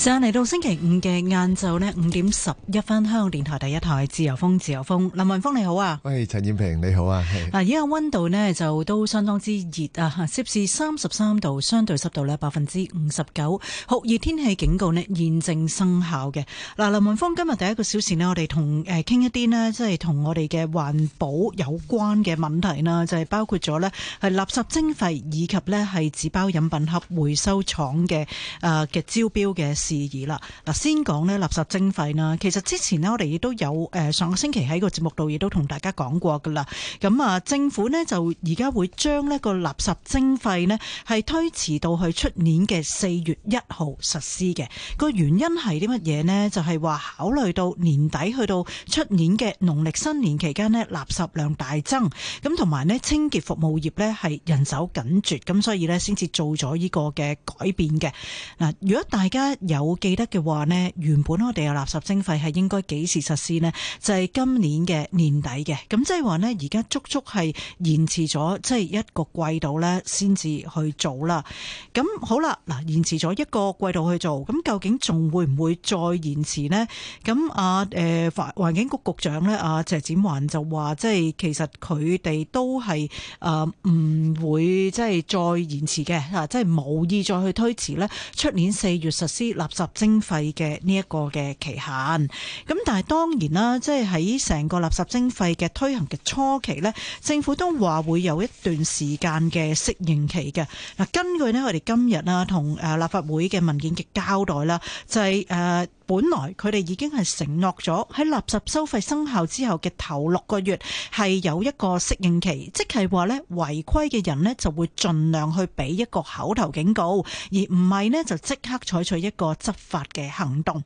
時間嚟到星期五嘅晏晝呢，五點十一分，香港電台第一台自由風，自由風，林文峰你好啊，喂，陳燕萍你好啊。嗱，依家溫度呢就都相當之熱啊，吓，攝氏三十三度，相對濕度呢百分之五十九，酷熱天氣警告呢現正生效嘅。嗱，林文峰今日第一個小時呢，我哋同誒傾一啲呢，即係同我哋嘅環保有關嘅問題啦，就係、是、包括咗呢係垃圾徵費以及呢係紙包飲品盒回收廠嘅誒嘅招標嘅。事宜啦，嗱，先講呢垃圾徵費啦。其實之前呢，我哋亦都有誒上個星期喺個節目度亦都同大家講過噶啦。咁啊，政府呢，就而家會將呢個垃圾徵費呢，係推遲到去出年嘅四月一號實施嘅。個原因係啲乜嘢呢？就係話考慮到年底去到出年嘅農曆新年期間呢，垃圾量大增，咁同埋呢，清潔服務業呢，係人手緊絕，咁所以呢，先至做咗呢個嘅改變嘅。嗱，如果大家有我記得嘅話呢，原本我哋嘅垃圾徵費係應該幾時實施呢？就係、是、今年嘅年底嘅。咁即係話呢，而家足足係延遲咗，即係一個季度呢先至去做啦。咁好啦，嗱，延遲咗一個季度去做，咁究竟仲會唔會再延遲呢？咁啊，誒、呃、環境局局長呢，阿、啊、謝展環就話，即係其實佢哋都係誒唔會即係再延遲嘅，吓，即係冇意再去推遲呢，出年四月實施嗱。垃圾徵費嘅呢一個嘅期限，咁但係當然啦，即係喺成個垃圾徵費嘅推行嘅初期呢，政府都話會有一段時間嘅適應期嘅。嗱，根據呢，我哋今日啦同誒立法會嘅文件嘅交代啦，就係、是、誒。呃本來佢哋已經係承諾咗喺垃圾收費生效之後嘅頭六個月係有一個適應期，即係話呢違規嘅人呢就會盡量去俾一個口頭警告，而唔係呢就即刻採取一個執法嘅行動。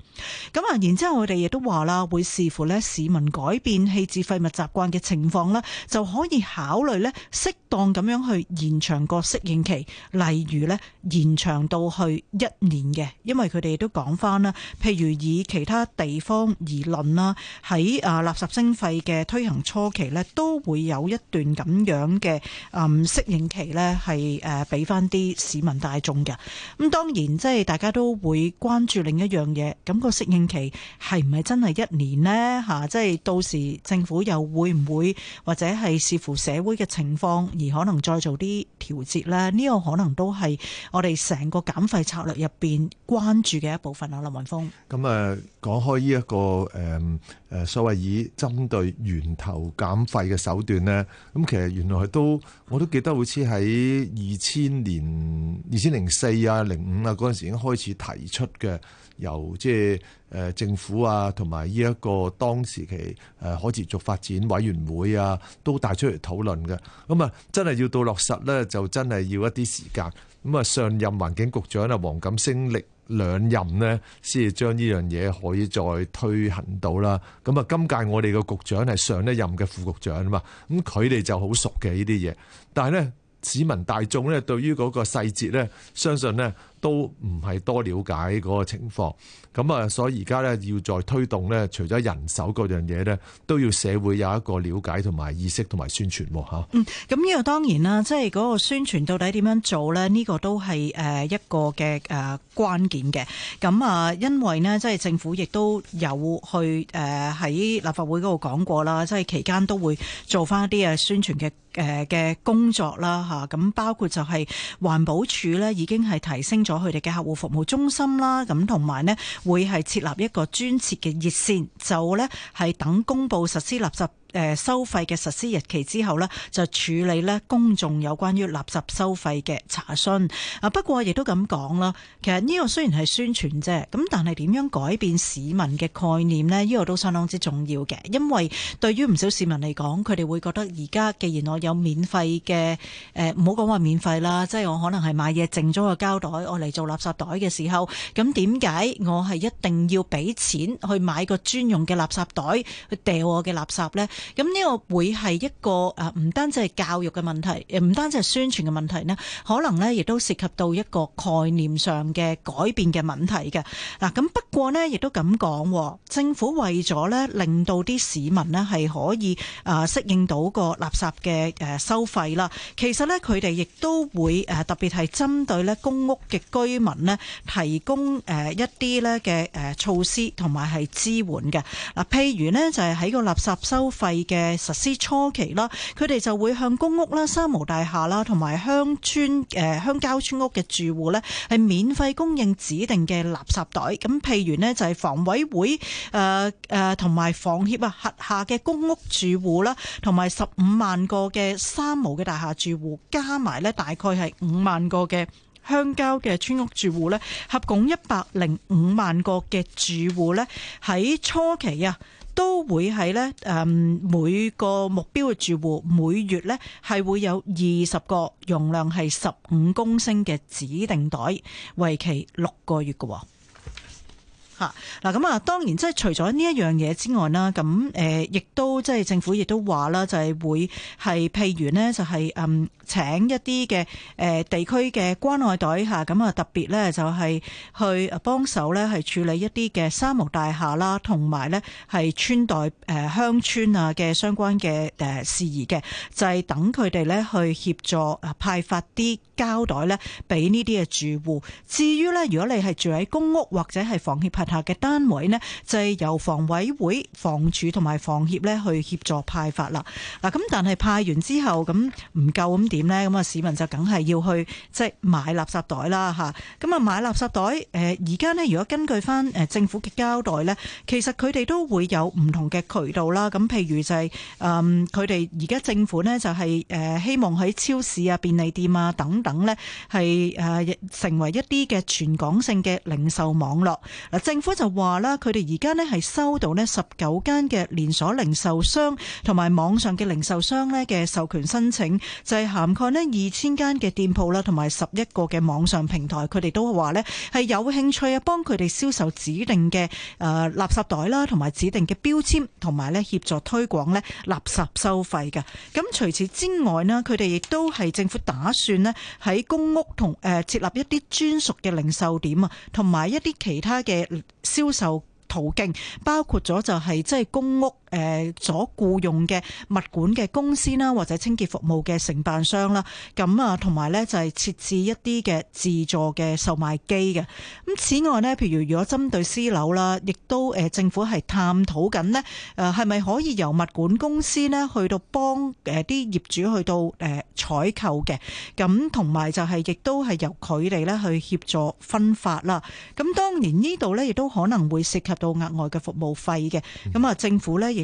咁啊，然之後佢哋亦都話啦，會視乎呢市民改變棄置廢物習慣嘅情況啦，就可以考慮呢適當咁樣去延長個適應期，例如呢延長到去一年嘅，因為佢哋都講返啦，譬如。.以其他地方而論啦，喺啊垃圾徵費嘅推行初期咧，都會有一段咁樣嘅啊、嗯、適應期咧，係誒俾翻啲市民大眾嘅。咁當然即係大家都會關注另一樣嘢，咁個適應期係唔係真係一年咧？吓，即係到時政府又會唔會或者係視乎社會嘅情況而可能再做啲調節咧？呢個可能都係我哋成個減費策略入邊關注嘅一部分啊，林雲峰。咁啊，講開呢一個誒誒所謂以針對源頭減費嘅手段咧，咁其實原來都我都記得，好似喺二千年、二千零四啊、零五啊嗰陣時已經開始提出嘅，由即係誒政府啊，同埋呢一個當時期誒可持續發展委員會啊，都帶出嚟討論嘅。咁啊，真係要到落實咧，就真係要一啲時間。咁啊，上任環境局長啊，黃錦星力。兩任呢，先至將呢樣嘢可以再推行到啦。咁啊，今屆我哋嘅局長係上一任嘅副局長嘛，咁佢哋就好熟嘅呢啲嘢。但係呢，市民大眾呢，對於嗰個細節呢，相信呢，都唔係多了解個情況，咁啊，所以而家咧要再推動咧，除咗人手樣嘢咧，都要社會有一個了解同埋意識同埋宣傳吓，嗯，咁呢個當然啦，即係嗰個宣傳到底點樣做咧？呢個都係誒一個嘅誒關鍵嘅。咁啊，因為咧，即係政府亦都有去誒喺立法會嗰度講過啦，即係期間都會做翻一啲誒宣傳嘅誒嘅工作啦吓，咁包括就係環保署咧已經係提升咗。佢哋嘅客戶服務中心啦，咁同埋咧會係設立一個專設嘅熱線，就咧係等公布實施垃圾。誒收費嘅實施日期之後呢就處理呢公眾有關於垃圾收費嘅查詢。啊，不過亦都咁講啦，其實呢個雖然係宣傳啫，咁但係點樣改變市民嘅概念呢？呢個都相當之重要嘅，因為對於唔少市民嚟講，佢哋會覺得而家既然我有免費嘅誒，唔好講話免費啦，即係我可能係買嘢剩咗個膠袋，我嚟做垃圾袋嘅時候，咁點解我係一定要俾錢去買個專用嘅垃圾袋去掉我嘅垃圾呢？咁呢個會係一個誒唔單止係教育嘅問題，唔單止係宣傳嘅問題咧，可能咧亦都涉及到一個概念上嘅改變嘅問題嘅。嗱，咁不過咧，亦都咁講，政府為咗咧令到啲市民咧係可以啊適應到個垃圾嘅誒收費啦，其實咧佢哋亦都會誒特別係針對咧公屋嘅居民咧提供誒一啲咧嘅誒措施同埋係支援嘅。嗱，譬如咧就係喺個垃圾收費。嘅實施初期啦，佢哋就會向公屋啦、三無大廈啦，同埋鄉村誒、呃、鄉郊村屋嘅住戶呢，係免費供應指定嘅垃圾袋。咁譬如呢，就係房委會誒誒同埋房協轄下嘅公屋住戶啦，同埋十五萬個嘅三無嘅大廈住戶，加埋呢大概係五萬個嘅鄉郊嘅村屋住戶呢，合共一百零五萬個嘅住戶呢，喺初期啊。都會係咧，誒每個目標嘅住戶每月咧係會有二十個容量係十五公升嘅指定袋，為期六個月嘅。嚇嗱咁啊，當然即係除咗呢一樣嘢之外啦，咁誒亦都即係政府亦都話啦，就係、是、會係譬如呢，就係、是、嗯請一啲嘅誒地區嘅關愛隊嚇，咁啊特別呢，就係去幫手呢，係處理一啲嘅三無大廈啦，同埋呢係村代誒鄉村啊嘅相關嘅誒事宜嘅，就係等佢哋呢，去協助派發啲膠袋呢，俾呢啲嘅住戶。至於呢，如果你係住喺公屋或者係房協派，下嘅單位呢，就係由房委會、房署同埋房協呢去協助派發啦。嗱，咁但係派完之後，咁唔夠咁點呢？咁啊，市民就梗係要去即係買垃圾袋啦，吓！咁啊，買垃圾袋，誒而家呢，如果根據翻誒政府嘅交代呢，其實佢哋都會有唔同嘅渠道啦。咁譬如就係誒佢哋而家政府呢，就係誒希望喺超市啊、便利店啊等等呢，係誒成為一啲嘅全港性嘅零售網絡嗱，即係。政府就話啦，佢哋而家呢係收到呢十九間嘅連鎖零售商同埋網上嘅零售商呢嘅授權申請，就係涵蓋呢二千間嘅店鋪啦，同埋十一個嘅網上平台。佢哋都話呢係有興趣啊，幫佢哋銷售指定嘅誒垃圾袋啦，同埋指定嘅標籤，同埋呢協助推廣呢垃圾收費嘅。咁除此之外呢，佢哋亦都係政府打算呢喺公屋同誒設立一啲專屬嘅零售點啊，同埋一啲其他嘅。銷售途徑包括咗就係即係公屋。誒所雇用嘅物管嘅公司啦，或者清潔服務嘅承辦商啦，咁啊，同埋咧就係設置一啲嘅自助嘅售賣機嘅。咁此外咧，譬如如果針對私樓啦，亦都誒政府係探討緊咧，誒係咪可以由物管公司咧去到幫誒啲業主去到誒採購嘅，咁同埋就係亦都係由佢哋咧去協助分發啦。咁當然呢度咧亦都可能會涉及到額外嘅服務費嘅。咁啊，政府咧亦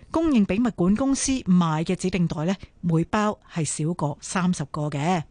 供應俾物管公司賣嘅指定袋咧，每包係少過三十個嘅。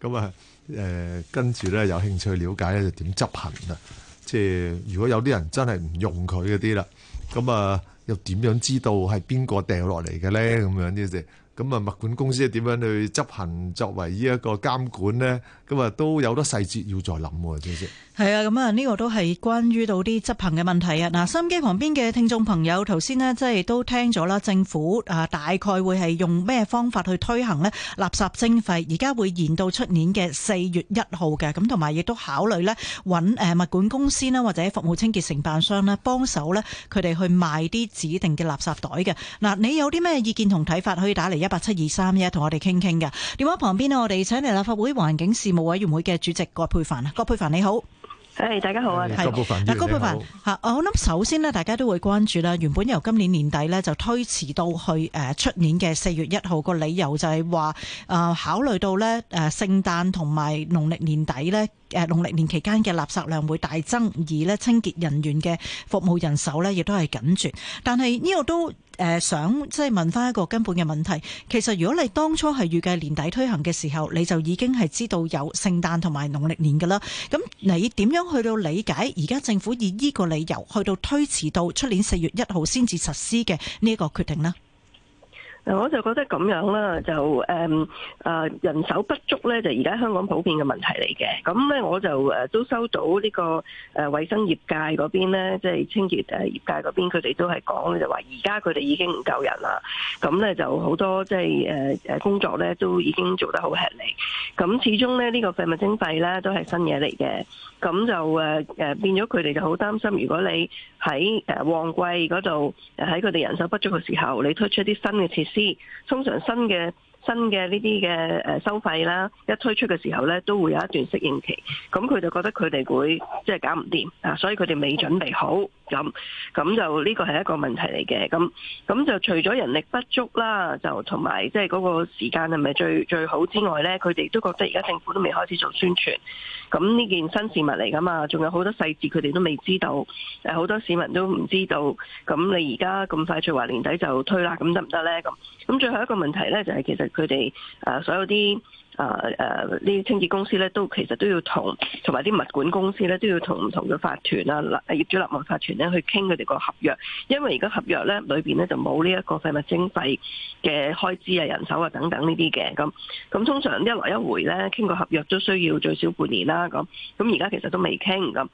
咁啊、嗯，誒、嗯、跟住咧，有興趣了解咧就點執行啊？即係如果有啲人真係唔用佢嗰啲啦，咁、嗯、啊又點樣知道係邊個掟落嚟嘅咧？咁樣啲啫。咁啊，物管公司係點樣去執行作為呢一個監管咧？咁啊，都有得多細節要再諗喎，知唔知？係啊，咁啊，呢個都係關於到啲執行嘅問題啊！嗱，收音機旁邊嘅聽眾朋友，頭先咧即係都聽咗啦，政府啊大概會係用咩方法去推行咧垃圾徵費，而家會延到出年嘅四月一號嘅，咁同埋亦都考慮咧揾誒物管公司啦，或者服務清潔承辦商咧幫手咧，佢哋去賣啲指定嘅垃圾袋嘅。嗱，你有啲咩意見同睇法可以打嚟一？聊一八七二三一，同我哋傾傾嘅電話旁邊呢我哋請嚟立法會環境事務委員會嘅主席葛珮帆。葛珮帆你好，hey, 大家好啊，係葛珮帆。吓，好我諗首先呢大家都會關注啦。原本由今年年底呢就推遲到去誒出年嘅四月一號，個理由就係話誒考慮到呢誒聖誕同埋農曆年底呢誒農曆年期間嘅垃圾量會大增，而清潔人員嘅服務人手呢亦都係緊絀。但係呢個都。誒、呃、想即係問翻一個根本嘅問題，其實如果你當初係預計年底推行嘅時候，你就已經係知道有聖誕同埋農曆年噶啦。咁你點樣去到理解而家政府以呢個理由去到推遲到出年四月一號先至實施嘅呢一個決定呢？我就覺得咁樣啦，就誒、嗯啊、人手不足咧，就而家香港普遍嘅問題嚟嘅。咁咧我就、啊、都收到呢、呢個誒衛、啊、生業界嗰邊咧，即、就、係、係、清潔誒業界嗰邊，佢哋都係講咧，就話而家佢哋已經唔夠人啦。咁咧就好多即係、就是啊、工作咧，都已經做得好吃力。咁始終咧呢、呢個廢物徵費咧都係新嘢嚟嘅。咁就誒誒、啊、變咗佢哋就好擔心，如果你喺旺季嗰度喺佢哋人手不足嘅時候，你推出一啲新嘅設施。啲通常新嘅。新嘅呢啲嘅誒收費啦，一推出嘅時候咧，都會有一段適應期。咁佢就覺得佢哋會即係、就是、搞唔掂啊，所以佢哋未準備好。咁咁就呢個係一個問題嚟嘅。咁咁就除咗人力不足啦，就同埋即係嗰個時間係咪最最好之外咧，佢哋都覺得而家政府都未開始做宣傳，咁呢件新事物嚟噶嘛，仲有好多細節佢哋都未知道，誒好多市民都唔知道。咁你而家咁快就話年底就推啦，咁得唔得咧？咁咁最後一個問題咧，就係其實。佢哋誒所有啲誒誒呢啲清潔公司咧，都其實都要同同埋啲物管公司咧，都要同唔同嘅法團啊、業主立案法團咧，去傾佢哋個合約，因為而家合約咧裏邊咧就冇呢一個廢物徵費嘅開支啊、人手啊等等呢啲嘅咁。咁通常一來一回咧，傾個合約都需要最少半年啦。咁咁而家其實都未傾咁，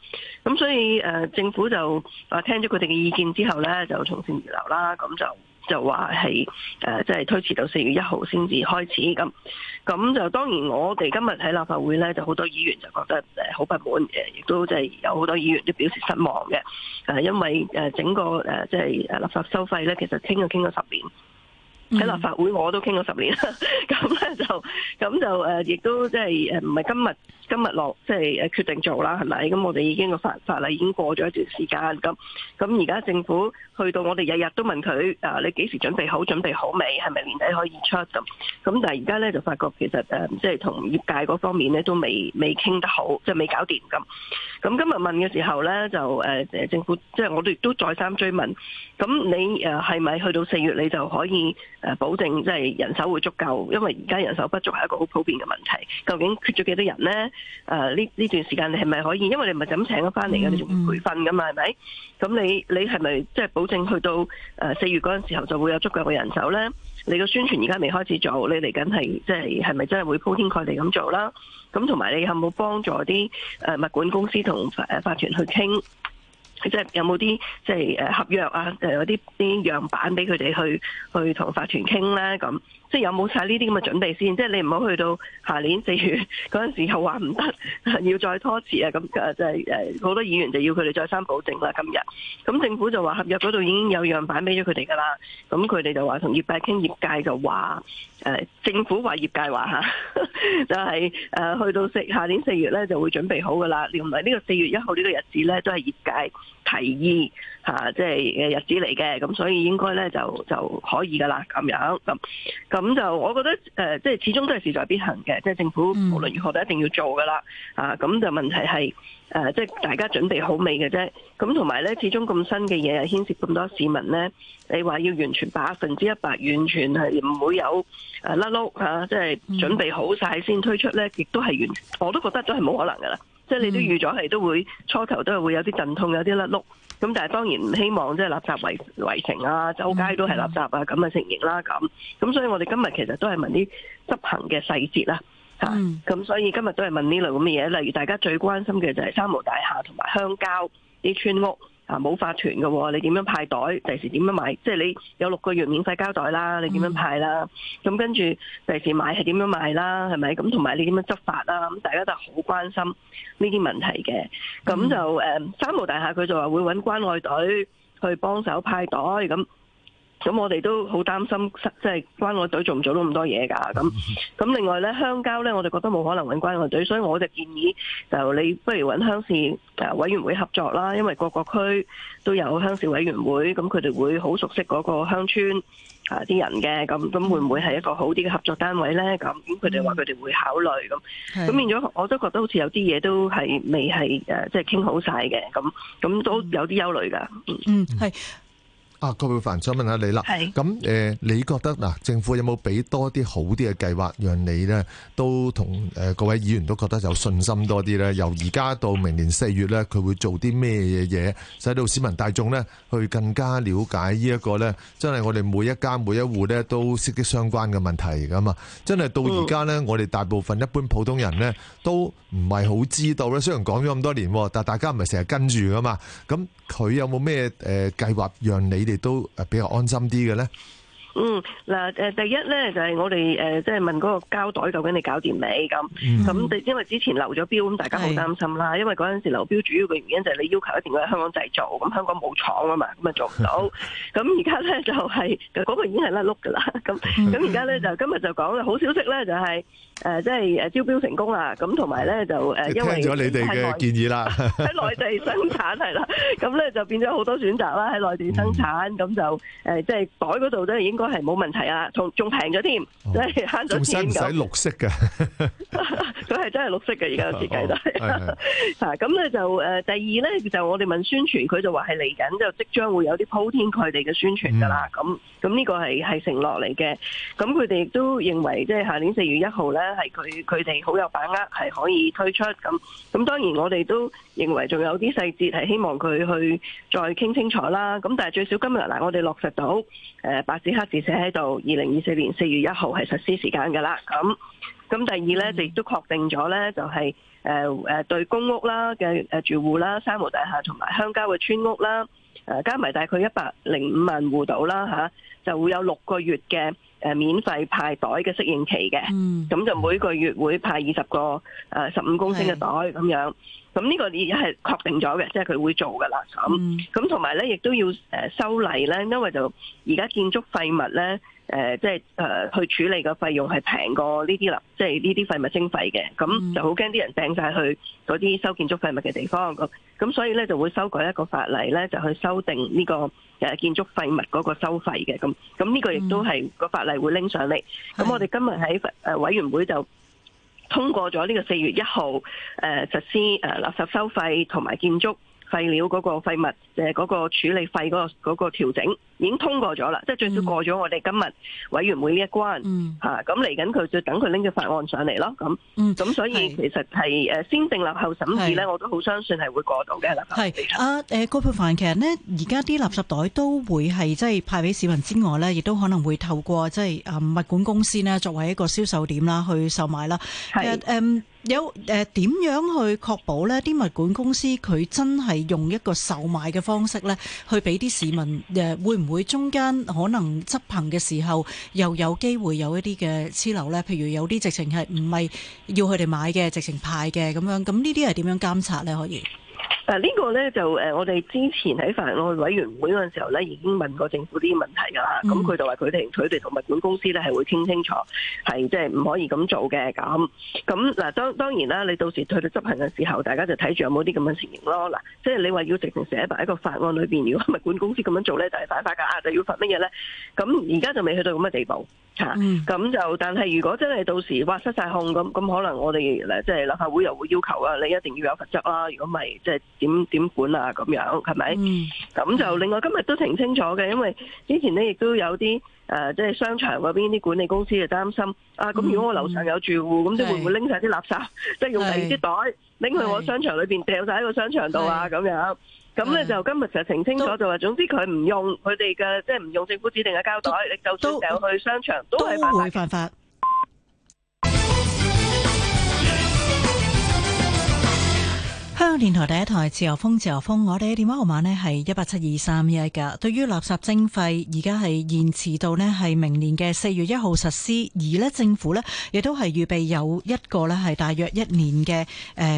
咁所以誒、呃、政府就啊聽咗佢哋嘅意見之後咧，就從善如流啦。咁就。就話係誒，即、呃、係、即係、推遲到四月一號先至開始咁。咁就當然，我哋今日喺立法會咧，就好多議員就覺得好不滿嘅，亦都即係有好多議員都表示失望嘅。因為整個誒即係垃圾收費咧，其實傾咗傾咗十年，喺立法會我都傾咗十年啦。咁咧、mm hmm. 就咁就亦、呃、都即係唔係今日。今日落即係決定做啦，係咪？咁我哋已經個法法例，已經過咗一段時間。咁咁而家政府去到我哋日日都問佢，你幾時準備好？準備好未？係咪年底可以出咁？咁但係而家咧就發覺其實即係同業界嗰方面咧都未未傾得好，即、就、係、是、未搞掂咁。咁今日問嘅時候咧就、嗯、政府，即係我哋都再三追問。咁你係咪去到四月你就可以保證即係、就是、人手會足夠？因為而家人手不足係一個好普遍嘅問題。究竟缺咗幾多人咧？誒，呢呢、啊、段時間你係咪可以？因為你唔係咁請咗翻嚟嘅，你仲唔培訓噶嘛，係咪、mm？咁、hmm。你你係咪即係保證去到誒四月嗰陣時候就會有足夠嘅人手咧？你個宣傳而家未開始做，你嚟緊係即係係咪真係會鋪天蓋地咁做啦？咁同埋你有冇幫助啲誒物管公司同誒法團去傾？即、就、係、是、有冇啲即係誒合約啊？誒有啲啲樣板俾佢哋去去同法團傾咧？咁。即係有冇晒呢啲咁嘅準備先？即係你唔好去到下年四月嗰陣時候話唔得，要再拖遲啊！咁就係誒好多議員就要佢哋再三保證啦。今日咁政府就話合約嗰度已經有樣板俾咗佢哋㗎啦。咁佢哋就話同業界傾，業界就話誒、呃、政府話業界話嚇，就係、是、誒、呃、去到四下年四月咧就會準備好㗎啦。連埋呢個四月一號呢個日子咧都係業界。提議嚇、啊，即係日子嚟嘅，咁所以應該咧就就可以噶啦，咁樣咁咁就我覺得誒，即、呃、係始終都係事在必行嘅，即係政府無論如何都一定要做噶啦啊！咁就問題係誒、呃，即係大家準備好未嘅啫。咁同埋咧，始終咁新嘅嘢，牽涉咁多市民咧，你話要完全百分之一百完全係唔會有誒甩碌嚇，即係準備好晒先推出咧，亦都係完，我都覺得都係冇可能噶啦。嗯、即係你都預咗係都會初頭都係會有啲陣痛，有啲甩碌咁，但係當然唔希望即係垃圾圍圍城啊，周、啊、街都係垃圾啊，咁嘅情形啦咁，咁所以我哋今日其實都係問啲執行嘅細節啦、啊，嚇咁、嗯啊、所以今日都係問呢類咁嘅嘢，例如大家最關心嘅就係三無大廈同埋鄉郊啲村屋。啊，冇法團嘅喎，你點樣派袋？第時點樣買？即係你有六個月免費膠袋啦，你點樣派啦？咁、嗯、跟住第時買係點樣買啦？係咪咁？同埋你點樣執法啦？咁大家都係好關心呢啲問題嘅。咁就誒三號大廈佢就話會揾關愛隊去幫手派袋咁。咁我哋都好擔心，即係關愛隊做唔做到咁多嘢㗎。咁咁另外咧，鄉郊咧，我哋覺得冇可能揾關愛隊，所以我就建議就你不如揾鄉事委員會合作啦，因為各個區都有鄉事委員會，咁佢哋會好熟悉嗰個鄉村啊啲人嘅。咁咁會唔會係一個好啲嘅合作單位咧？咁咁佢哋話佢哋會考慮咁。咁變咗我都覺得好似有啲嘢都係未係誒，即係傾好晒嘅。咁咁都有啲憂慮㗎。嗯，嗯，係。啊，葛珮帆，想問下你啦。咁誒，你覺得嗱，政府有冇俾多啲好啲嘅計劃，讓你咧都同誒各位議員都覺得有信心多啲咧？由而家到明年四月咧，佢會做啲咩嘢嘢，使到市民大眾咧去更加了解呢一個咧，真係我哋每一間每一戶咧都息息相關嘅問題㗎嘛！真係到而家咧，我哋大部分一般普通人咧。都唔係好知道咧，雖然講咗咁多年，但大家唔係成日跟住噶嘛。咁佢有冇咩誒計劃，讓你哋都誒比較安心啲嘅咧？嗯嗱，誒、呃、第一咧就係、是、我哋誒即係問嗰個膠袋究竟你搞掂未咁咁，因為之前留咗標咁大家好擔心啦。哎、因為嗰陣時留標主要嘅原因就係你要求一定要喺香港製造，咁、嗯、香港冇廠啊嘛，咁啊做唔到。咁而家咧就係、是、嗰、那個已經係甩碌噶啦。咁咁而家咧就今日就講好消息咧，就係誒即係誒招標成功啦。咁同埋咧就誒、呃、因為聽咗你哋嘅建議啦，喺 內 地生產係啦。咁咧就變咗好多選擇啦，喺內地生產咁、嗯、就誒即係袋嗰度都係已經。都係冇問題啊，同仲平咗添，即係慳咗錢咁。仲使 綠色嘅，佢係真係綠色嘅。而家設計都係。咁咧就誒、呃，第二咧就我哋問宣傳，佢就話係嚟緊，就即將會有啲鋪天蓋地嘅宣傳噶啦。咁咁呢個係係承諾嚟嘅。咁佢哋都認為，即係下年四月一號咧，係佢佢哋好有把握，係可以推出。咁咁當然我哋都認為仲有啲細節係希望佢去再傾清楚啦，咁但係最少今日嗱我哋落實到，誒白紙黑字寫喺度，二零二四年四月一號係實施時間噶啦，咁咁第二咧就亦都確定咗咧就係誒誒對公屋啦嘅誒住戶啦，三無大廈同埋鄉郊嘅村屋啦，誒加埋大概一百零五萬戶度啦吓，就會有六個月嘅。誒免費派袋嘅適應期嘅，咁就、嗯、每個月會派二十個誒十五公升嘅袋咁是樣，咁呢個已係確定咗嘅，即係佢會做噶啦咁。咁同埋咧，亦、嗯、都要修例咧，因為就而家建築廢物咧。誒，即係誒去處理嘅費用係平過呢啲啦，即係呢啲廢物徵費嘅，咁就好驚啲人掟晒去嗰啲收建築廢物嘅地方咁，咁所以咧就會修改一個法例咧，就去修訂呢個建築廢物嗰個收費嘅咁，咁呢個亦都係個法例會拎上嚟。咁我哋今日喺委員會就通過咗呢個四月一號誒實施誒垃圾收費同埋建築廢料嗰個廢物嘅嗰誒個處理費嗰個嗰個調整。已經通過咗啦，即係最少過咗我哋今日委員會呢一關嚇，咁嚟緊佢就等佢拎咗法案上嚟咯，咁咁所以其實係誒先定立後審議咧，我都好相信係會過到嘅啦。係啊，誒葛珮帆其實咧，而家啲垃圾袋都會係即係派俾市民之外咧，亦都可能會透過即係誒物管公司咧作為一個銷售點啦，去售賣啦。誒誒有誒點樣去確保咧？啲物管公司佢真係用一個售賣嘅方式咧，去俾啲市民誒會唔？會中間可能執行嘅時候，又有機會有一啲嘅支流呢。呢譬如有啲直情係唔係要佢哋買嘅，直情派嘅咁樣，咁呢啲係點樣監察呢？可以？誒呢個咧就誒，我哋之前喺法案委員會嗰陣時候咧，已經問過政府啲問題㗎啦。咁佢、嗯、就話佢哋佢哋同物管公司咧係會傾清楚，係即係唔可以咁做嘅。咁咁嗱，當當然啦，你到時去到執行嘅時候，大家就睇住有冇啲咁嘅情形咯。嗱，即係你話要直情寫埋一個法案裏面，如果物管公司咁樣做咧，就係犯法㗎，啊就要罰乜嘢咧？咁而家就未去到咁嘅地步。咁、嗯啊、就，但係如果真係到時挖失晒控，咁咁可能我哋即係立法會又會要求啊，你一定要有罰則啦，如果唔係，即係點點管啊，咁樣係咪？咁、嗯、就另外今日都挺清楚嘅，因為之前呢亦都有啲誒，即、呃、係、就是、商場嗰邊啲管理公司就擔心啊，咁如果我樓上有住戶，咁即、嗯、會唔會拎晒啲垃圾，即係是 用第二啲袋拎去我商場裏邊，掉晒喺個商場度啊，咁是樣。咁咧就今日成日澄清咗都，就話，總之佢唔用佢哋嘅，即係唔用政府指定嘅膠袋。你都就算成日去商場，都係犯法。香港電台第一台自由風，自由風，我哋嘅電話號碼咧係一八七二三一噶對於垃圾徵費，而家係延遲到咧係明年嘅四月一號實施，而咧政府咧亦都係預備有一個咧係大約一年嘅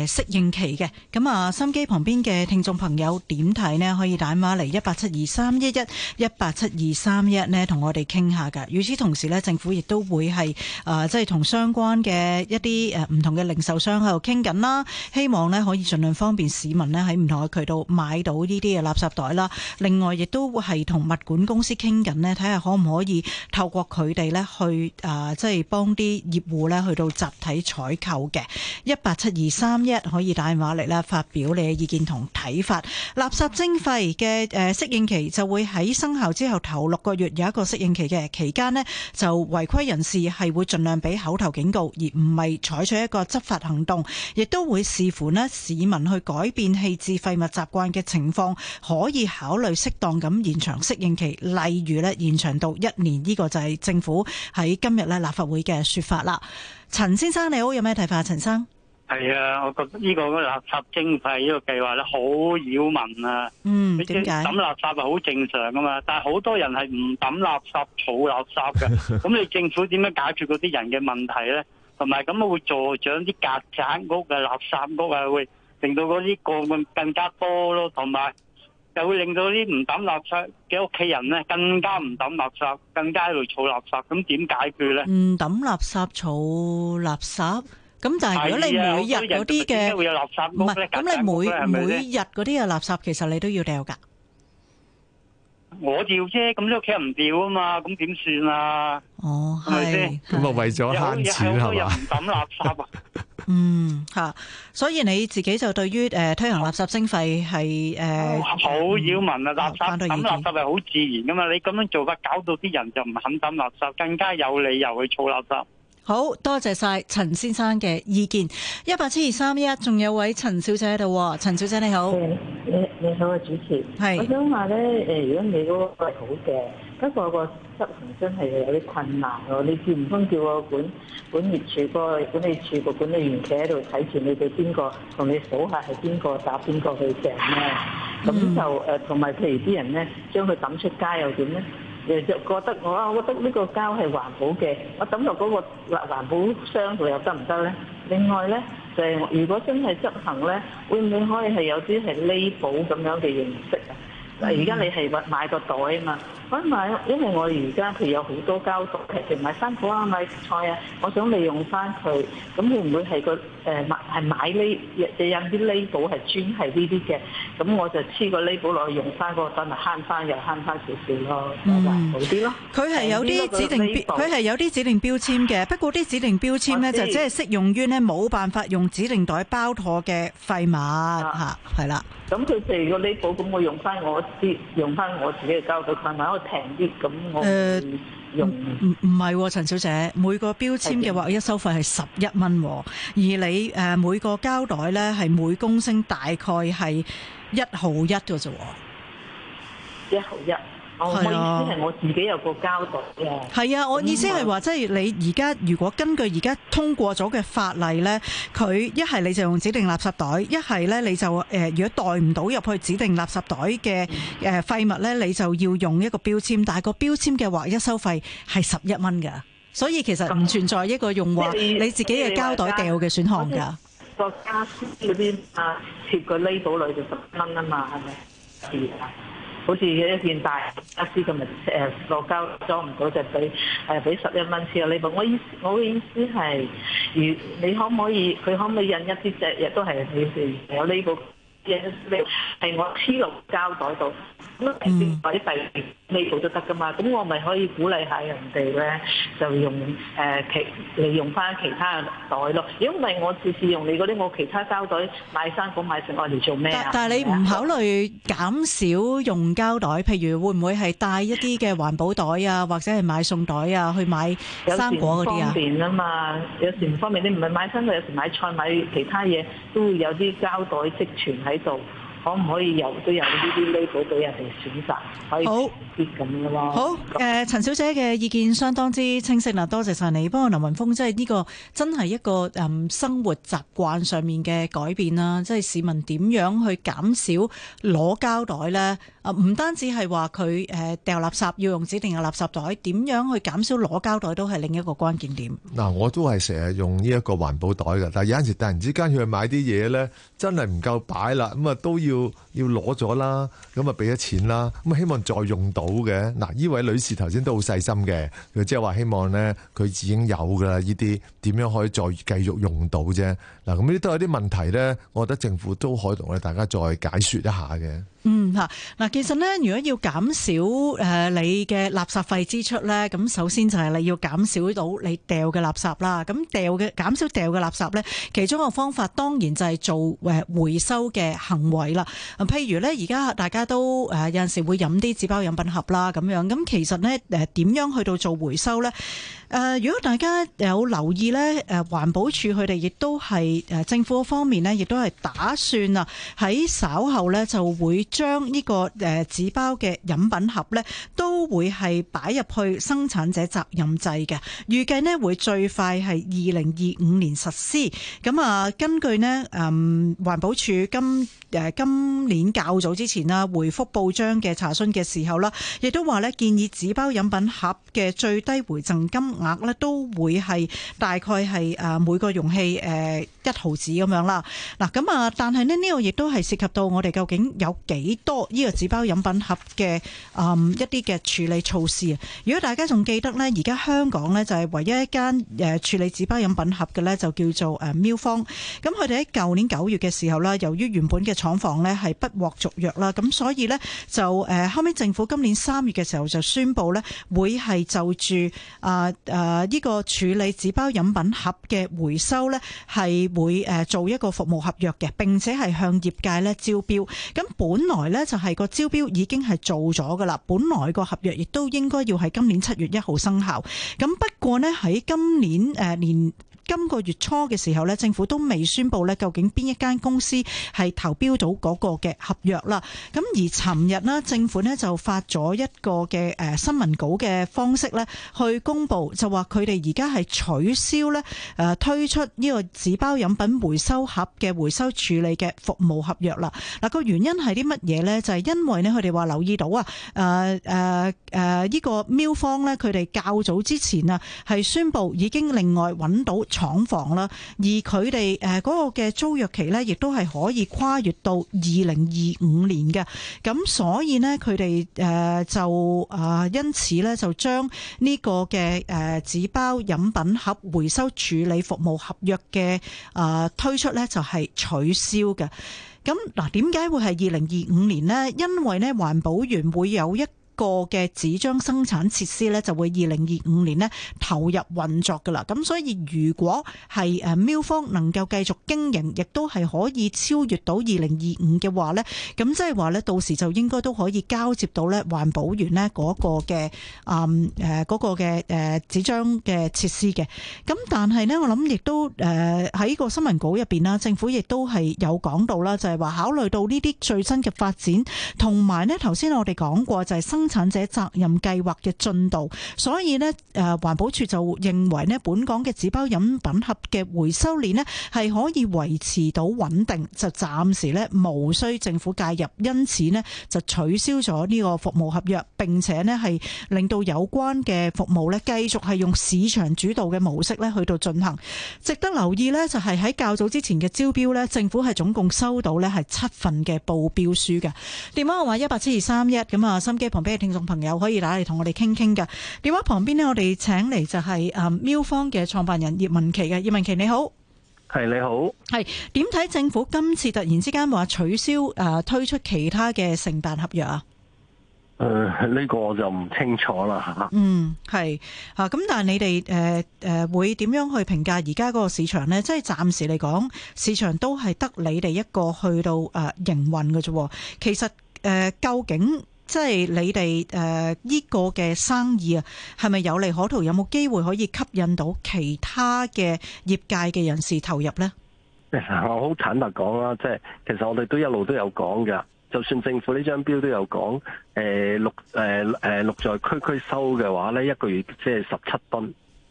誒適應期嘅。咁啊，心機旁邊嘅聽眾朋友點睇咧？可以打電話嚟一八七二三一一一八七二三一咧，同我哋傾下噶。與此同時咧，政府亦都會係誒、呃、即係同相關嘅一啲誒唔同嘅零售商喺度傾緊啦，希望咧可以盡。方便市民咧喺唔同嘅渠道買到呢啲嘅垃圾袋啦。另外，亦都係同物管公司傾緊呢，睇下可唔可以透過佢哋呢去啊，即係幫啲業戶呢去到集體採購嘅。一八七二三一可以打電話嚟咧，發表你嘅意見同睇法。垃圾徵費嘅誒適應期就會喺生效之後頭六個月有一個適應期嘅期間呢，就違規人士係會盡量俾口頭警告，而唔係採取一個執法行動，亦都會視乎呢市民，去改變棄置廢物習慣嘅情況，可以考慮適當咁延長適應期，例如咧延長到一年。呢個就係政府喺今日咧立法會嘅說法啦。陳先生你好，有咩睇法啊？陳生係啊，我覺得呢個垃圾徵費呢個計劃咧好擾民啊。嗯，點解抌垃圾啊？好正常噶嘛，但係好多人係唔抌垃圾，儲垃圾嘅。咁 你政府點樣解決嗰啲人嘅問題咧？同埋咁啊會助長啲曱甴屋嘅垃圾屋啊會。令到嗰啲個案更加多咯，同埋就會令到啲唔抌垃圾嘅屋企人咧更加唔抌垃圾，更加喺度儲垃圾。咁點解決咧？唔抌垃圾儲垃圾，咁但係如果你每日有啲嘅垃圾，唔係，咁你每每日嗰啲嘅垃圾其實你都要掉㗎。我掉啫，咁你屋企人唔掉啊嘛，咁點算啊？哦，係，咁啊為咗慳錢係嘛？又唔抌垃圾啊？ 嗯吓，所以你自己就對於誒、呃、推行垃圾徵費係誒好擾民啊！垃圾都，抌垃圾係好自然噶嘛？你咁樣做法搞到啲人就唔肯抌垃圾，更加有理由去儲垃圾。好多謝晒陳先生嘅意見，1, 2, 3, 1, 還一八七二三一，仲有位陳小姐喺度，陳小姐你好，你你，你好啊，主持，係是，我想話咧，誒，如果你嗰個好嘅，不過個執行真係有啲困難咯，你叫唔通叫我管管業主個管理處個管，管理員企喺度睇住你哋邊個同你數下係邊個打邊個去嘅咩？咁就誒，同、呃、埋譬如啲人咧，將佢抌出街又點咧？誒就覺得我啊，我覺得呢個膠係環保嘅，我抌落嗰個環保箱佢又得唔得咧？另外咧，就係、是、如果真係執行咧，會唔會可以係有啲係 label 咁樣嘅形式啊？但而家你係買個袋啊嘛。因為我而家佢有好多膠袋，譬如買生果啊、買菜啊，我想利用翻佢，咁會唔會係個誒買係買呢？即有啲 label 係專係呢啲嘅，咁我就黐個 label 落去用翻嗰個袋咪慳翻又慳翻少少咯，咁就好啲咯。佢係有啲指定，佢係有啲指定標籤嘅，啊、不過啲指定標籤咧、啊、就只係適用於咧冇辦法用指定袋包妥嘅廢物嚇，係啦、啊。咁佢譬如個 label 咁，我用翻我啲用翻我自己嘅膠袋平啲咁，我用唔唔唔係喎，陳小姐每個標籤嘅話一收費係十一蚊，而你誒每個膠袋呢係每公升大概係一毫一嘅啫，一毫一。我意思係我自己有個膠袋嘅。係啊，我意思係話，即係你而家如果根據而家通過咗嘅法例咧，佢一係你就用指定垃圾袋，一係咧你就誒，如果袋唔到入去指定垃圾袋嘅誒廢物咧，你就要用一個標籤，但係個標籤嘅話，一收費係十一蚊㗎。所以其實唔存在一個用話你自己嘅膠袋掉嘅選項㗎。個膠袋嗰邊啊，貼個 label 到裏面十蚊啊嘛，係咪？係啊。好似一件大傢俬咁啊！誒，落膠裝唔到就俾誒俾十一蚊次。啊！你我意我嘅意思係，如你可唔可以佢可唔可以印一啲隻，亦都係你哋。我呢部嘢，呢係我黐落膠袋度咁啊，平時唔使呢度都得㗎嘛，咁我咪可以鼓勵下人哋咧，就用誒其利用返其他嘅袋咯。如果唔係，我次次用你嗰啲，我其他膠袋買生果買食我嚟做咩啊？但係你唔考慮減少用膠袋，譬如會唔會係帶一啲嘅環保袋啊，或者係買餸袋啊去買生果嗰啲啊？有時唔方便啊嘛，有時唔方便。你唔係買生果，有時買菜買其他嘢都會有啲膠袋積存喺度。可唔可以有都有呢啲 label 俾人哋選擇，可以好，啲咁嘅咯。好，誒、呃、陳小姐嘅意見相當之清晰啦，多謝晒你。不過林雲峰即係呢、這個真係一個誒、嗯、生活習慣上面嘅改變啦，即係市民點樣去減少攞膠袋咧？啊，唔單止係話佢誒掉垃圾要用指定嘅垃圾袋，點樣去減少攞膠袋都係另一個關鍵點。嗱，我都係成日用呢一個環保袋㗎，但係有陣時候突然之間要去買啲嘢咧，真係唔夠擺啦，咁啊都要。要要攞咗啦，咁啊俾咗錢啦，咁希望再用到嘅。嗱，呢位女士頭先都好細心嘅，佢即係話希望咧，佢已經有噶啦呢啲，點樣可以再繼續用到啫？嗱，咁呢都有啲問題咧，我覺得政府都可以同我哋大家再解說一下嘅。嗯吓，嗱，其實咧，如果要減少誒你嘅垃圾費支出咧，咁首先就係你要減少到你掉嘅垃圾啦。咁掉嘅減少掉嘅垃圾咧，其中一個方法當然就係做誒回收嘅行為啦。譬如呢，而家大家都誒有陣時會飲啲紙包飲品盒啦，噉樣，噉其實呢，誒點樣去到做回收呢？誒，如果大家有留意呢誒，環保署佢哋亦都係政府方面呢亦都係打算啊，喺稍後呢，就會將呢個誒紙包嘅飲品盒呢，都會係擺入去生產者責任制嘅。預計呢會最快係二零二五年實施。咁啊，根據呢誒環保署今今年較早之前啦回覆報章嘅查詢嘅時候啦，亦都話呢建議紙包飲品盒嘅最低回贈金額。額咧都會係大概係誒每個容器誒一毫紙咁樣啦。嗱咁啊，但係咧呢個亦都係涉及到我哋究竟有幾多呢個紙包飲品盒嘅誒一啲嘅處理措施啊。如果大家仲記得咧，而家香港咧就係唯一一間誒處理紙包飲品盒嘅咧，就叫做誒喵坊。咁佢哋喺舊年九月嘅時候咧，由於原本嘅廠房咧係不獲續約啦，咁所以咧就誒後尾政府今年三月嘅時候就宣布咧會係就住啊。誒呢個處理紙包飲品盒嘅回收呢，係會誒做一個服務合約嘅，並且係向業界咧招標。咁本來呢，就係個招標已經係做咗㗎喇，本來個合約亦都應該要喺今年七月一號生效。咁不過呢，喺今年誒、呃、年。今個月初嘅時候呢，政府都未宣佈呢，究竟邊一間公司係投標到嗰個嘅合約啦。咁而尋日呢，政府呢就發咗一個嘅新聞稿嘅方式呢去公佈，就話佢哋而家係取消呢推出呢個紙包飲品回收盒嘅回收處理嘅服務合約啦。嗱，個原因係啲乜嘢呢？就係因為呢佢哋話留意到啊誒誒誒呢個喵坊呢佢哋較早之前啊係宣佈已經另外揾到。廠房啦，而佢哋誒嗰個嘅租約期呢，亦都係可以跨越到二零二五年嘅。咁所以呢，佢哋誒就啊，因此呢，就將呢個嘅誒紙包飲品盒回收處理服務合約嘅啊推出呢，就係取消嘅。咁嗱，點解會係二零二五年呢？因為呢，環保員會有一這個嘅紙張生產設施咧，就會二零二五年呢投入運作噶啦。咁所以如果係誒喵坊能夠繼續經營，亦都係可以超越到二零二五嘅話呢，咁即係話呢，到時就應該都可以交接到呢環保園呢嗰個嘅誒誒嗰個嘅誒紙張嘅設施嘅。咁但係呢，我諗亦都誒喺個新聞稿入邊啦，政府亦都係有講到啦，就係話考慮到呢啲最新嘅發展，同埋呢頭先我哋講過就係生。生產者責任計劃嘅進度，所以呢，誒環保署就認為呢，本港嘅紙包飲品盒嘅回收鏈呢係可以維持到穩定，就暫時呢，無需政府介入，因此呢，就取消咗呢個服務合約，並且呢，係令到有關嘅服務呢繼續係用市場主導嘅模式呢去到進行。值得留意呢，就係喺較早之前嘅招標呢，政府係總共收到呢係七份嘅報標書嘅。電話號碼一八七二三一，咁啊心機旁邊。聽眾朋友可以打嚟同我哋傾傾嘅電話旁邊呢，我哋請嚟就係誒喵坊嘅創辦人葉文琪嘅葉文琪你好，係你好，係點睇政府今次突然之間話取消誒推出其他嘅承辦合約啊？誒呢個我就唔清楚啦吓，嗯係吓咁，但係你哋誒誒會點樣去評價而家嗰個市場呢？即係暫時嚟講，市場都係得你哋一個去到誒營運嘅啫。其實誒究竟？即係你哋誒呢個嘅生意啊，係咪有利可圖？有冇機會可以吸引到其他嘅業界嘅人士投入呢？我好，啊，坦白講啦，即係其實我哋都一路都有講嘅，就算政府呢張表都有講，誒、呃、六誒誒、呃、六在區區收嘅話呢，一個月即係十七噸，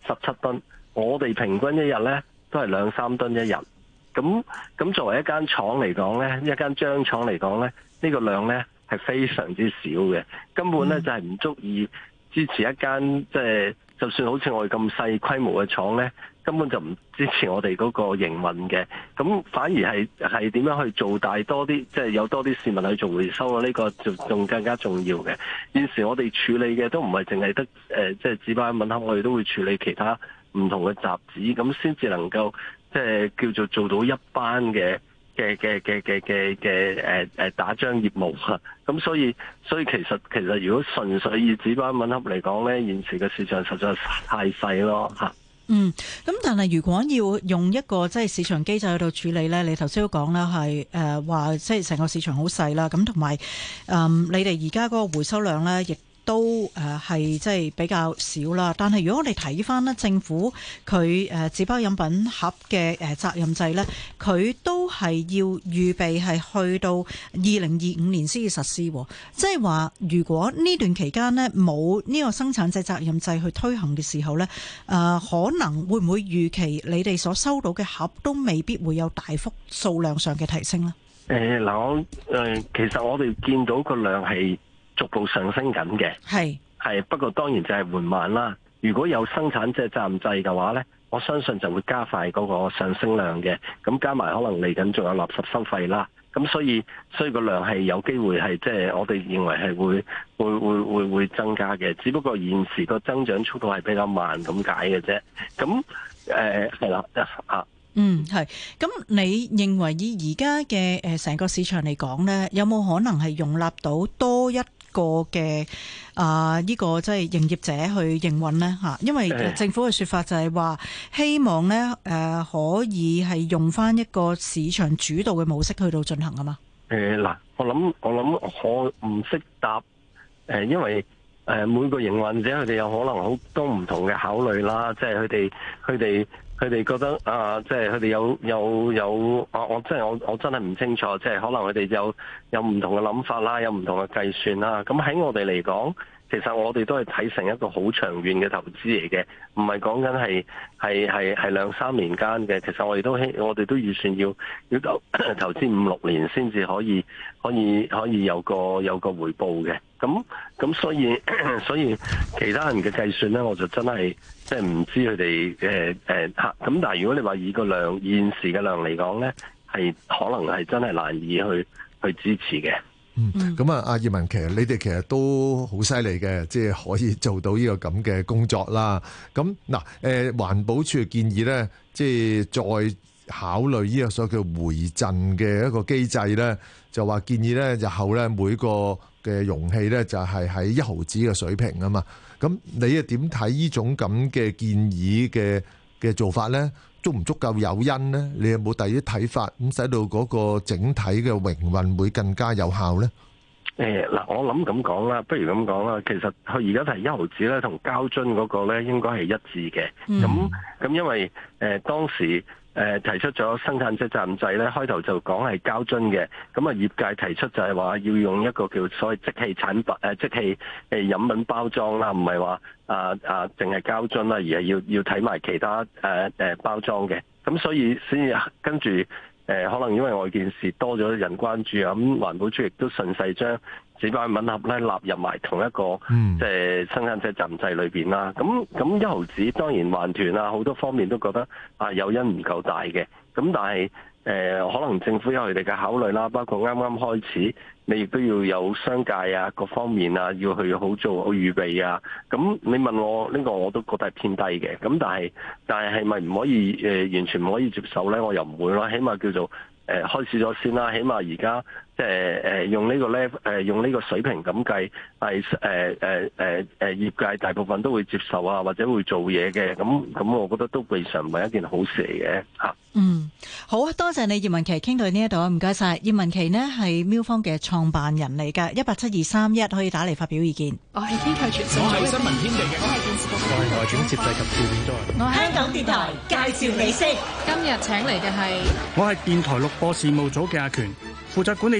十七噸，我哋平均一日呢都係兩三噸一日，咁咁作為一間廠嚟講呢，一間張廠嚟講呢，呢、呢個量呢。係非常之少嘅，根本咧就係唔足以支持一間、嗯、即係，就算好似我哋咁細規模嘅廠咧，根本就唔支持我哋嗰個營運嘅。咁反而係係點樣去做大多啲，即、就、係、是、有多啲市民去做回收，呢、這個就仲更加重要嘅。現時我哋處理嘅都唔係淨係得誒、呃，即係紙板問合，我哋都會處理其他唔同嘅雜誌，咁先至能夠即係叫做做到一班嘅。嘅嘅嘅嘅嘅嘅誒誒打張業務啊，咁所以所以其實其實如果純粹以紙包飲品盒嚟講咧，現時嘅市場實在太細咯嚇。嗯，咁但係如果要用一個即係市場機制去到處理咧，你頭先都講啦，係誒話即係成個市場好細啦，咁同埋誒你哋而家嗰個回收量咧亦，都誒係即係比較少啦，但係如果我哋睇翻咧，政府佢誒紙包飲品盒嘅誒責任制咧，佢都係要預備係去到二零二五年先至實施，即係話如果呢段期間咧，冇呢個生產者責任制去推行嘅時候咧，誒可能會唔會預期你哋所收到嘅盒都未必會有大幅數量上嘅提升咧？誒嗱，我誒其實我哋見到個量係。逐步上升緊嘅，係係是，不過當然就係緩慢啦。如果有生產者責任制嘅話呢，我相信就會加快嗰個上升量嘅。咁加埋可能嚟緊仲有垃圾收費啦，咁所以所以個量係有機會係即係我哋認為係會會會會會增加嘅。只不過現時個增長速度係比較慢咁解嘅啫。咁誒係啦，呃、嗯係。咁你認為以而家嘅誒成個市場嚟講呢，有冇可能係容納到多一？個嘅啊，呢個即係營業者去營運咧嚇，因為政府嘅說法就係話希望咧誒，可以係用翻一個市場主導嘅模式去到進行噶嘛。誒嗱，我諗我諗我唔識答誒，因為誒每個營運者佢哋有可能好多唔同嘅考慮啦，即係佢哋佢哋。佢哋覺得啊，即係佢哋有有有，我、啊、我真係我我真係唔清楚，即係可能佢哋有有唔同嘅諗法啦，有唔同嘅計算啦，咁喺我哋嚟講，其實我哋都係睇成一個好長遠嘅投資嚟嘅，唔係講緊係係係係兩三年間嘅。其實我哋都希，我哋都預算要要投投資五六年先至可以可以可以有個有個回報嘅。咁咁所以所以其他人嘅計算咧，我就真係即係唔知佢哋誒誒吓。咁、呃、但係如果你話以個量現時嘅量嚟講咧，係可能係真係難以去去支持嘅。嗯，咁啊，阿葉文琪，其實你哋其實都好犀利嘅，即係可以做到呢個咁嘅工作啦。咁嗱，誒，環保署建議咧，即係再考慮呢個所謂叫回贈嘅一個機制咧，就話建議咧日後咧每個嘅容器咧就係喺一毫子嘅水平啊嘛。咁你又點睇呢種咁嘅建議嘅嘅做法咧？足唔足夠有因呢？你有冇第二啲睇法？咁使到嗰個整體嘅榮運會更加有效呢？誒嗱、呃，我諗咁講啦，不如咁講啦。其實佢而家提一毫子咧，同膠樽嗰個咧應該係一致嘅。咁咁、嗯、因為誒、呃、當時。誒、呃、提出咗生產者責任制咧，開頭就講係膠樽嘅，咁啊業界提出就係話要用一個叫所謂即棄產品誒即棄飲品包裝啦，唔係話啊啊淨係膠樽啦，而係要要睇埋其他誒、呃呃、包裝嘅，咁所以先至跟住。誒、呃，可能因為外件事多咗人關注，咁環保署亦都順勢將紙包飲品盒納入埋同一個即係生產者責任制裏邊啦。咁咁、嗯呃、一毫子當然環團啊，好多方面都覺得啊誘因唔夠大嘅，咁但係。誒、呃，可能政府有佢哋嘅考慮啦，包括啱啱開始，你亦都要有商界啊，各方面啊，要去好做好預備啊。咁你問我呢、這個，我都覺得係偏低嘅。咁但係，但係係咪唔可以誒、呃，完全唔可以接受咧？我又唔會咯，起碼叫做誒、呃，開始咗先啦。起碼而家。誒用呢個誒用呢個水平咁計，係誒誒誒誒業界大部分都會接受啊，或者會做嘢嘅。咁咁我覺得都未嘗唔係一件好事嚟嘅吓。嗯，好多謝你葉文琪，傾到奇呢一度啊，唔該晒。葉文琪呢係喵坊嘅創辦人嚟噶。一八七二三一可以打嚟發表意見。我係天橋傳媒，我係新聞天地嘅，我係電視廣播台轉接及調變多，我是香港電台。介紹你先，今日請嚟嘅係我係電台錄播事務組嘅阿權，負責管理。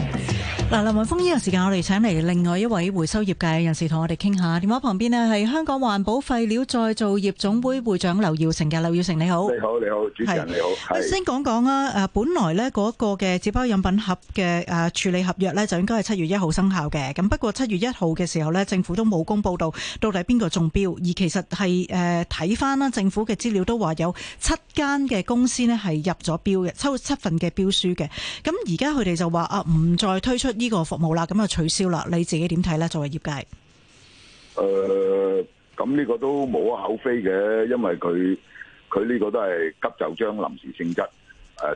嗱，林文峰呢、呢個時間，我哋請嚟另外一位回收業界嘅人士同我哋傾下。電話旁邊呢係香港環保廢料再造業總會會長劉耀成嘅。劉耀成你好，你好，你好，主持人是你好。我先講講啊，誒，本來呢嗰個嘅紙包飲品盒嘅誒處理合約呢，就應該係七月一號生效嘅。咁不過七月一號嘅時候呢，政府都冇公布到到底邊個中標。而其實係誒睇翻啦，呃、政府嘅資料都話有七間嘅公司呢，係入咗標嘅，抽七份嘅標書嘅。咁而家佢哋就話啊，唔再推出。呢個服務啦，咁啊取消啦，你自己點睇咧？作為業界，誒、呃，咁、這、呢個都無可厚非嘅，因為佢佢呢個都係急就章臨時性質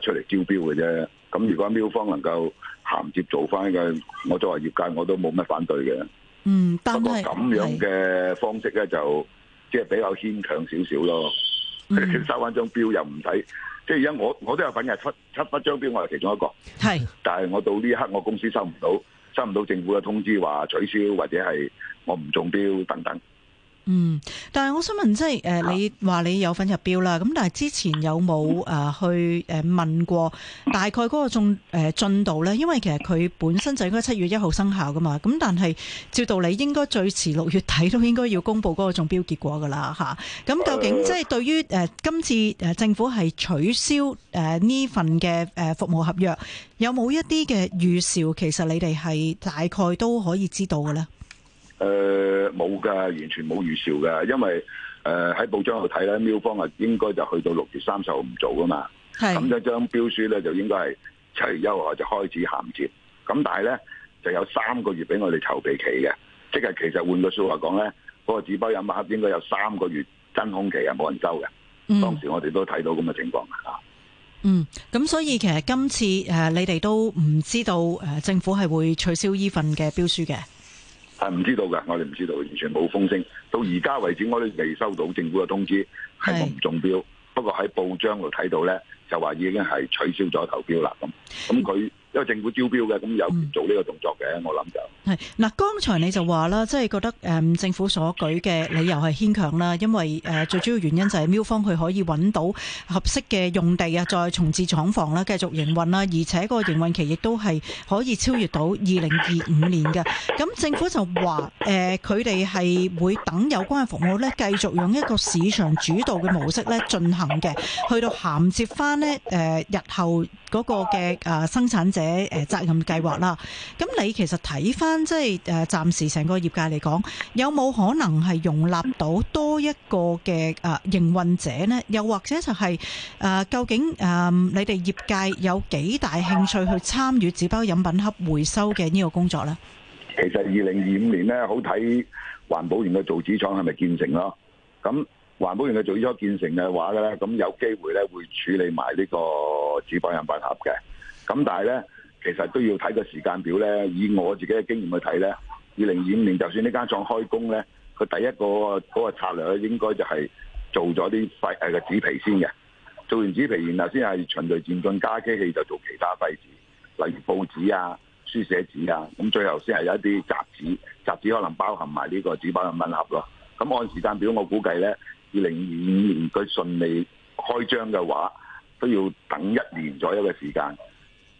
誒出嚟招標嘅啫。咁如果喵坊能夠銜接做翻嘅，我作為業界我都冇乜反對嘅。嗯，但係咁樣嘅方式咧，是就即係比較牽強少少咯。你簽收翻張標又唔使。即係而家我我都有份嘅，七七不張標我係其中一個，係是，但係我到呢一刻我公司收唔到，收唔到政府嘅通知話取消或者係我唔中標等等。嗯，但係我想問，即係誒，你話你有份入標啦，咁但係之前有冇誒去誒問過大概嗰個進誒進度咧？因為其實佢本身就應該七月一號生效噶嘛，咁但係照道理應該最遲六月底都應該要公布嗰個中標結果噶啦，吓。咁究竟即係對於誒今次誒政府係取消誒呢份嘅誒服務合約，有冇一啲嘅預兆？其實你哋係大概都可以知道嘅咧。誒，冇噶、呃，完全冇預兆噶，因為誒喺、呃、報章度睇咧，喵坊啊應該就去到六月三十號唔做噶嘛，咁就將標書咧就應該係七月一號就開始銜接，咁但係咧就有三個月俾我哋籌備期嘅，即係其實換句說話講咧，嗰個紙包飲品盒應該有三個月真空期啊，係冇人收嘅。當時我哋都睇到咁嘅情況啊。嗯，咁所以其實今次誒、呃、你哋都唔知道誒政府係會取消依份嘅標書嘅。係唔知道嘅，我哋唔知道，完全冇風聲。到而家為止，我哋未收到政府嘅通知，係唔中標。是 不過喺報章度睇到咧，就話已經係取消咗投標啦。咁，咁佢。因為政府招標嘅，咁有做呢個動作嘅，我諗就係嗱，剛才你就話啦，即係覺得誒政府所舉嘅理由係牽強啦，因為誒最主要原因就係喵坊佢可以揾到合適嘅用地啊，再重置廠房啦，繼續營運啦，而且個營運期亦都係可以超越到二零二五年嘅。咁政府就話誒，佢哋係會等有關嘅服務咧，繼續用一個市場主導嘅模式咧進行嘅，去到銜接翻咧誒，日後。嗰個嘅誒生產者誒責任計劃啦，咁你其實睇返即係誒暫時成個業界嚟講，有冇可能係容納到多一個嘅誒營運者呢？又或者就係誒究竟誒你哋業界有幾大興趣去參與紙包飲品盒回收嘅呢個工作呢？其實二零二五年呢，好睇環保園嘅造紙廠係咪建成咯？咁。環保園佢做咗建成嘅話咧，咁有機會咧會處理埋呢個紙包飲品盒嘅。咁但係咧，其實都要睇個時間表咧。以我自己嘅經驗去睇咧，二零二五年就算呢間廠開工咧，佢第一個嗰個策略咧應該就係做咗啲廢誒個紙皮先嘅。做完紙皮，然後先係循序漸進加機器，就做其他廢紙，例如報紙啊、書寫紙啊，咁最後先係有一啲雜紙。雜紙可能包含埋呢個紙包飲品盒咯。咁按時間表，我估計咧。二零二五年佢順利開張嘅話，都要等一年左右嘅時間。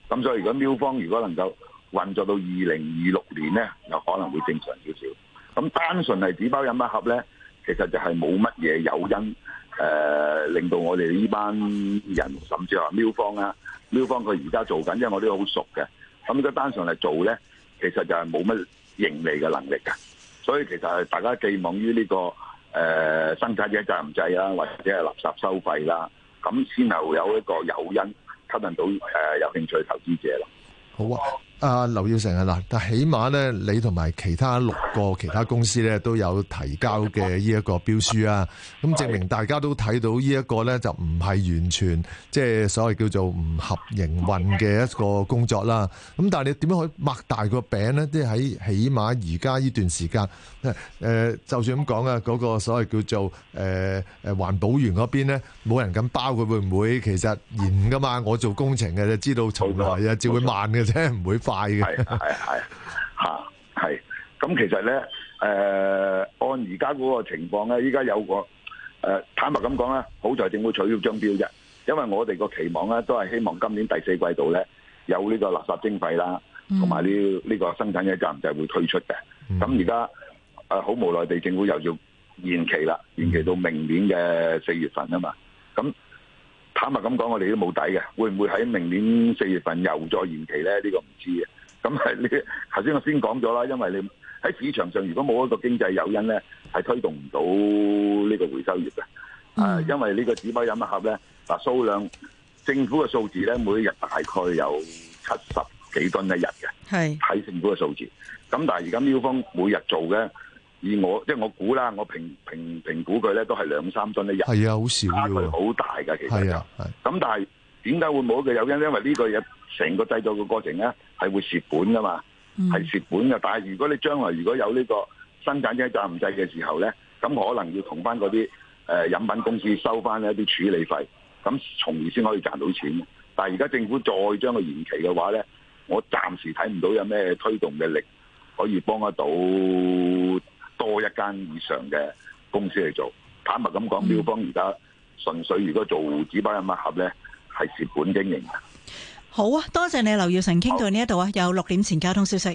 咁所以，如果喵坊如果能夠運作到二零二六年咧，有可能會正常少少。咁單純係紙包飲品盒咧，其實就係冇乜嘢誘因誒，令到我哋呢班人甚至話喵坊啊，喵坊佢而家做緊，因為我哋都好熟嘅。咁佢單純係做咧，其實就係冇乜盈利嘅能力嘅。所以其實係大家寄望於呢個。誒，生產者責任制啦，或者係垃圾收費啦，咁先後有一個誘因吸引到誒有興趣投資者咯。好啊。啊，劉耀成啊，嗱，但起碼咧，你同埋其他六個其他公司咧都有提交嘅呢一個標書啊，咁證明大家都睇到呢一個咧就唔係完全即係、就是、所謂叫做唔合營運嘅一個工作啦。咁但係你點樣可以擘大個餅咧？即係喺起碼而家呢段時間，誒、呃，就算咁講啊，嗰、那個所謂叫做誒誒環保員嗰邊咧，冇人敢包佢，會唔會其實嚴噶嘛？我做工程嘅，就知道從來啊只會慢嘅啫，唔會。快嘅，係係吓，係咁、嗯。其實咧，誒、呃，按而家嗰個情況咧，依家有個誒、呃、坦白咁講啦，好在政府取消張標啫。因為我哋個期望咧，都係希望今年第四季度咧有呢個垃圾徵費啦，同埋呢呢個生產嘅責任就係會推出嘅。咁而家誒好無奈地，政府又要延期啦，延期到明年嘅四月份啊嘛。咁、嗯嗯坦白咁講，我哋都冇底嘅，會唔會喺明年四月份又再延期咧？呢、呢個唔知嘅。咁係呢頭先我先講咗啦，因為你喺市場上，如果冇一個經濟誘因咧，係推動唔到呢個回收業嘅。嗯、因為個紫呢個紙包飲品盒咧，嗱，數量政府嘅數字咧，每一日大概有七十幾噸一日嘅，睇是政府嘅數字。咁但係而家喵坊每日做嘅。而我即係我估啦，我評評評估佢咧都係兩三樽一日，係啊，好少嘅，差好大嘅，其實就咁。但係點解會冇嘅？有因因為呢個嘢成個製造嘅過程咧係會蝕本噶嘛，係蝕、嗯、本嘅。但係如果你將來如果有呢、這個生產者責任制嘅時候咧，咁可能要同翻嗰啲誒飲品公司收翻一啲處理費，咁從而先可以賺到錢。但係而家政府再將個延期嘅話咧，我暫時睇唔到有咩推動嘅力可以幫得到。多一間以上嘅公司去做，坦白咁講，喵坊而家純粹如果做紙包飲品盒咧，係蝕本經營嘅。好啊，多謝你，劉耀成傾到呢一度啊，好有六點前交通消息。